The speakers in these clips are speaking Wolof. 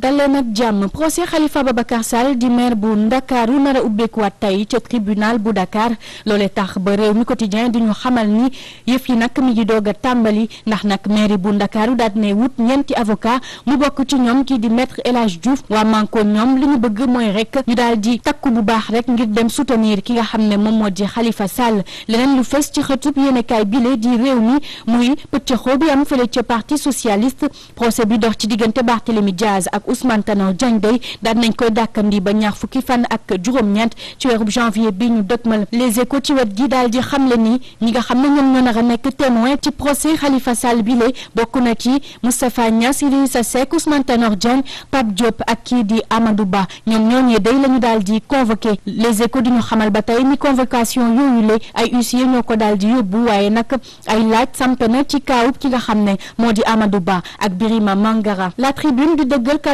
daleen ak jàmm procès Khalifa Babacar Sall di maire bu ndakaaru nar a ubbeekuwaat tey ca tribunal bu dakaar loole tax ba réew mi quotidien di ñu xamal ni yëf yi nag mi ngi doog a tàmbali ndax nag maire bu ndakaaru daal ne wut ñeenti avocat mu bokk ci ñoom kii di maître El Hadj Diouf waa Manko ñoom li ñu bëgg mooy rek ñu daal di takku bu baax rek ngir dem soutenir ki nga xam ne moom moo di Khalifa Sall leneen lu fës ci xëtub yéenekaay bile di réew mi muy pëccëxoo bi am ca parti socialiste procès bi dox ci diggante Barthélémy Diaz ak Ousmane Tanor Diagne day daan nañ koy dàkkandi ba ñaar fukki fan ak juróom-ñeent ci weerub janvier bi ñu dëgmal les échos ci wet gi daal di xamle ni ñi nga xam ne ñoom ñoo nar a nekk témoin ci procès Khalifa Sall bi lay bokk na ci Moustapha Niass Idrissa Seck Ousmane Tanor Diagne Pape Diop ak kii di Amadou Ba ñoom ñooñee day la ñu daal di convoqué les échos di ñu xamal ba tey ni convocation yooyu la ay huissier ñoo ko daal di yóbbu waaye nag ay laaj sampe na ci kaawub ki nga xam ne moo di Amadou Ba ak Birima Mangara la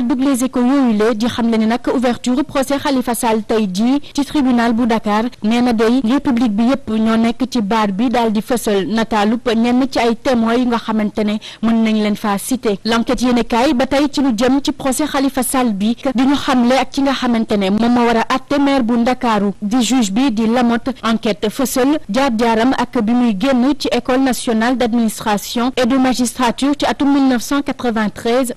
kàddug les échos yooyu la di xam le ne nag ouverture procès Khalifa Sall tey jii ci tribunal bu Dakar nee na day bi yépp ñoo nekk ci baar bi daal di fësal nataalub ñenn ci ay témoins yi nga xamante ne mën nañ leen faa cité l'enquête yéenekaay ba tey ci lu jëm ci procès Khalifa Sall bi di ñu xamle ak ki nga xamante ne moom ma war a àtte bu Ndakaaru di juge bi di Lamotte enquête fësal jaar-jaaram ak bi muy génn ci école nationale d'administration et de magistrature ci atum 1993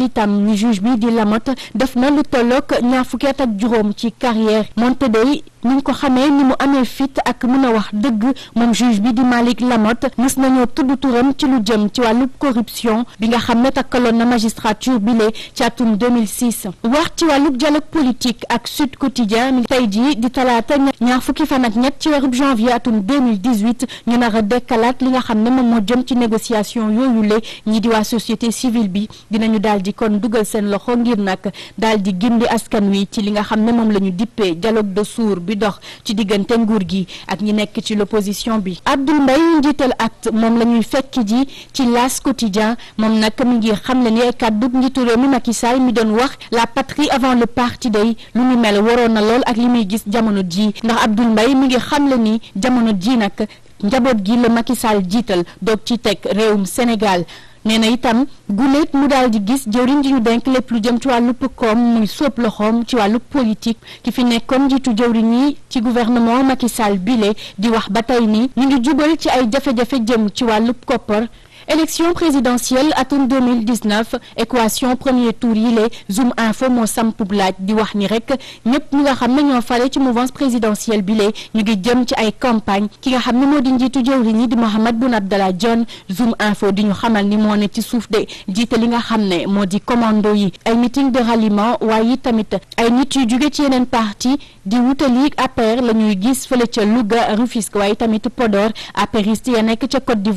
waral itam ni juge bi di lamat def na lu tolloog ñaar fukki at ak juróom ci carrière moonte day niñ ko xamee ni mu amee fit ak mën a wax dëgg moom juge bi di Malick Lamotte mis nañoo tudd turam ci lu jëm ci wàllu corruption bi nga xam ne takkaloon na magistrature bile ci atum 2006 wax ci wàllu dialogue politique ak Sud Quotidien tey jii di talaata ñaar fukki fan ak ñett ci weerub janvier atum 2018 ñu nar a dekkalaat li nga xam ne moom moo jëm ci négociation yooyu le ñi di waa société civile bi dinañu daal di kon dugal seen loxo ngir nag daal di gindi askan wi ci li nga xam ne moom la ñu dippee dialogue de sourds bi dox ci diggante nguur gi ak ñi nekk ci l'opposition bi Abdoul Mbaye njiital acte moom la ñuy fekk ji ci L'As quotidien moom nag mi ngi xam le ne kàddu njiitu réew mi Macky Sall mi doon wax la patrie avant le parti day lu mu mel waroon na lool ak li muy gis jamono ji ndax Abdoul Mbaye mi ngi xam le ni jamono ji nag njaboot gi la Macky Sall jiital doog ci teg réewum Sénégal nee na itam guléet mu daal di gis jëwriñ ji ñu denk lépp lu jëm ci wàllu koom muy sóob loxoom ci wàllu politique ki fi nekkoon njiitu jëwriñ yi ci gouvernement Macky Sall bile di wax ba tey ni ñu ngi jubal ci ay jafe-jafe jëm ci wàllu koppar élection présidentielle atum 2019 équation premier tour yi la zoom info moo sampub laaj di wax ni rek ñëpp ñi nga xam ne ñoo fale ci mouvance présidentielle bi la ñu ngi jëm ci ay campagne ki nga xam ne moo di njiitu jëwriñ yi di Mahammed Boun Abdallah Dionne zoom info di ñu xamal ni moo ne ci suuf de jiite li nga xam ne moo di commando yi ay meeting de ralliement waaye tamit ay nit yu jóge ci yeneen parti di wutali APR la ñuy gis fële ca Louga Rufisque waaye tamit Podor apériste ya ca Côte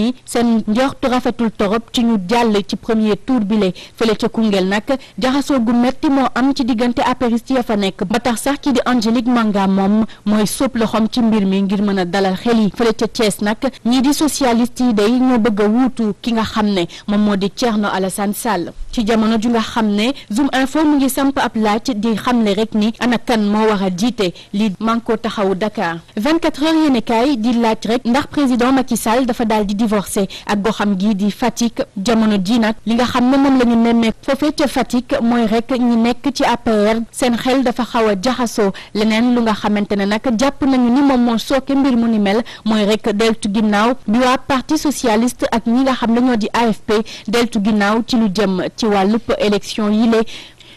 ni seen njortu rafetul torop ci ñu jàll ci premier tour bi le fële ca Koungheul nag jaxasoo gu metti moo am ci diggante apériste ya fa nekk ba tax sax ki di Angélique Manga moom mooy sóob loxoom ci mbir mi ngir mën a dalal xel yi fële ca Thiès nag ñii di socialiste yi day ñoo bëgg wuutu ki nga xam ne moom moo di Thierno Alassane Sall ci jamono ju nga xam ne Zoom Info mu ngi samp ab laaj di ne rek ni ana kan moo war a jiite li Manko Taxawu Dakar 24 divorcé ak goxam gii di Fatick jamono ji nag li nga xam ne moom la ñu nemmeek foofee ca Fatick mooy rek ñi nekk ci APR seen xel dafa xaw a jaxasoo leneen lu nga xamante ne nag jàpp nañu ni moom moo sooke mbir mu ni mel mooy rek deltu ginnaaw bi waa parti socialiste ak ñi nga xam ne ñoo di AFP deltu ginnaaw ci lu jëm ci wàllub élection yi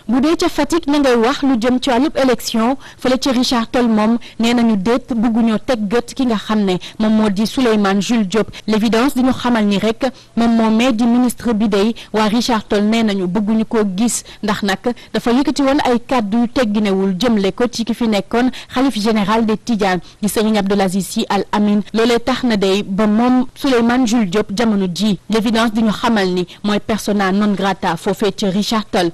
bu dee ca Fatick ña ngay wax lu jëm ci wàllub élection fële ca Richard Toll moom nee nañu déet bëgguñoo teg gët ki nga xam ne moom moo di Souleymane Jules Diop l'évidence di ñu xamal ni rek moom moo mee di ministre bi day waa Richard Toll nee nañu bëgguñu ko gis ndax nag dafa yëkkati woon ay kàddu yu tegginewul jëmle ko ci ki fi nekkoon xalif général des Tidianes di Serigne Abdoul Aziz Sy Al Amin loolee tax na day ba moom Souleymane Jules Diop jamono ji l'évidence di ñu xamal ni mooy persona non grata foofee ca Richard Toll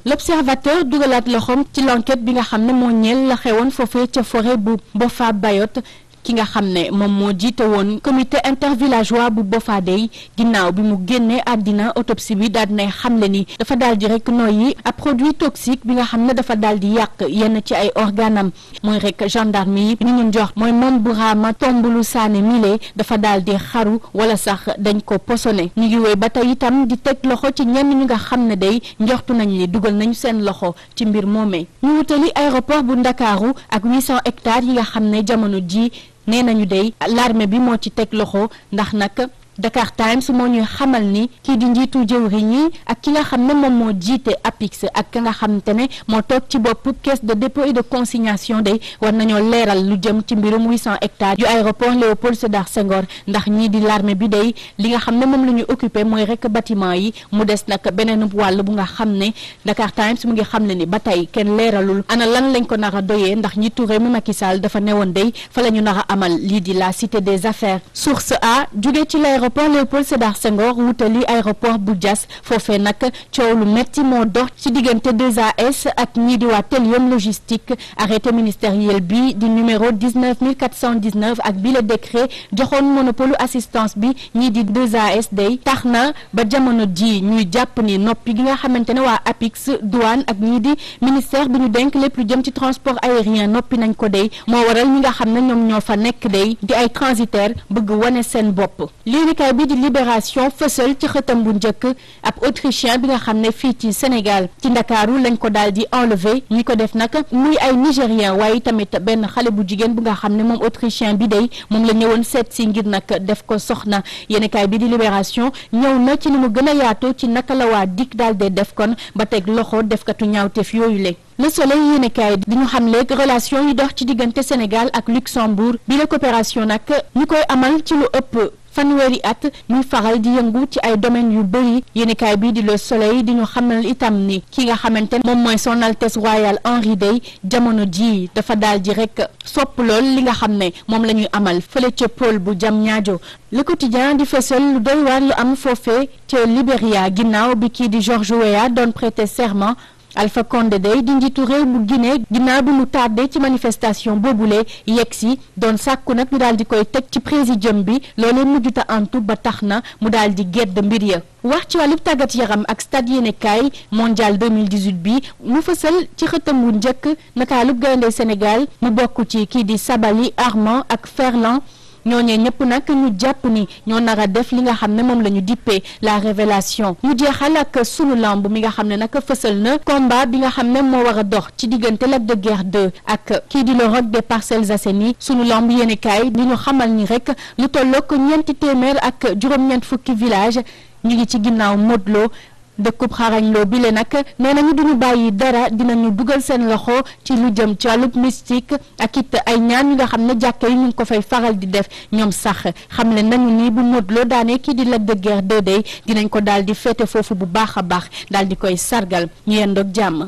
Diaw dugalaat loxoom ci l'enquête bi nga xam ne moo ñeel la xewoon foofee ca forêt bu faa Bayotte ki nga xam ne moom moo jiite woon comité intervillageois bu Bofadey ginnaaw bi mu génnee àddina autopsie bi daal dinay xamle ni dafa daal di rek noyyi ab produit toxique bi nga xam ne dafa daal di yàq yenn ci ay organam mooy rek gendarme yi ñu ñu jox mooy moom Burama Tombulu Sané mile dafa daal di xaru wala sax dañ ko posone ñu ngi woy ba tey itam di teg loxo ci ñenn ñu nga xam ne day njortu nañ ni dugal nañu seen loxo ci mbir moomee ñu wutali aéroport bu Ndakaaru ak mission hectares yi nga xam ne jamono ji nee nañu dey larme bi moo ci teg loxo ndax nag Dakar Times moo ñuy xamal ni kii di njiitu jëwriñ yi ak ki nga xam ne moom moo jiite APIX ak ki nga xam ne moo toog ci bopp caisse de dépôt et de consignation de war nañoo leeral lu jëm ci mbirum 800 hectares yu aéroport Léopold Sédar Senghor ndax ñii di l'armée bi day li nga xam ne moom la ñu occupé mooy rek batiment yi mu des nag beneen wàll bu nga xam ne Dakar Times mu ngi xam ne ni ba tey kenn leeralul ana lan lañ ko nar a doyee ndax njiitu réew mi Macky Sall dafa newoon day la ñu nar amal lii di la des affaires aéroport Léopold Sédar Senghor wutali aéroport bu Diass foofee nag coow lu metti moo dox ci diggante 2AS ak ñii di waa Télium logistique arrêté ministériel bi di numéro 19419 ak bi le décret joxoon monopole assistance bi ñii di 2AS day tax na ba jamono ji ñuy jàpp ni noppi gi nga xamante ne waa APIX douane ak ñii di ministère bi ñu denk lépp lu jëm ci transport aérien noppi nañ ko day moo waral ñi nga xam ne ñoom ñoo fa nekk day di ay transitaire bëgg wone seen bopp yéenekaay bi di libération fësal ci xëtam bu njëkk ab autrichien bi nga xam ne fii ci Sénégal ci ndakaaru lañ ko daal di enlever ñi ko def nag muy ay nigérien waaye tamit benn xale bu jigéen bu nga xam ne moom autrichien bi day moom la ñëwoon seet si ngir nag def ko soxna yéenekaay bi di libération ñëw na ci ni mu gën a yaatoo ci naka la waa dikk daal de def kon ba teg loxo defkatu ñaawteef yooyu le le soleil yéenekaay di ñu xam léegi relation yi dox ci diggante Sénégal ak Luxembourg bi la coopération nag fanweeri at muy faral di yëngu ci ay domaines yu bëri yéenekaay bii di la Soleil di ñu xamal itam ni ki nga xamante ne moom mooy Son Altesse Royale Henri Dey jamono jii dafa daal di rek sopp lool li nga xam ne moom la ñuy amal fële ca pôle bu jam ñaajo Le Quotidien di fësal lu doy waar lu am foofee ca Libéria ginnaaw bi kii di George Weah doon prêter serment Alpha Condé day di njiitu réew bu Guinée ginnaaw bi mu tàddee ci manifestation boobule yegg si doon sàkku nag ñu daal di koy teg ci présidium bi loolee mujjuta antu ba tax na mu daal di gedd mbir ya wax ci wàllub tàggat yaram ak stade yéenekaay mondial 2018 bi mu fësal ci xëtam wu njëkk nataalub gaynde Sénégal mu bokk ci kii di Sabali Armand ak Ferland ñooñee ñëpp nag ñu jàpp ni ñoo nar a def li nga xam ne moom la ñu dippee la révélation ñu jeexal ak sunu lamb mi nga xam ne nag fësal na combat bi nga xam ne moo war a dox ci diggante Lac de Guiers 2 ak kii di le Roc des Parcelles Assainies sunu lamb yéen kaay di ñu xamal ni rek lu tollook ñeenti téeméer ak juróom-ñeent fukki village ñu ngi ci ginnaaw Modou Lo dëkkub xarañ loo bile nag nee nañu duñu bàyyi dara dinañu dugal seen loxo ci lu jëm ci wàllub mystique ak it ay ñaan yi nga xam ne jàkke yi ñu ko fay faral di def ñoom sax xam ne nañu nii bu Modou Lo daanee kii di Lac de Guiers 2 dinañ ko daal di féete foofu bu baax a baax daal di koy sargal ñu yendoog jàmm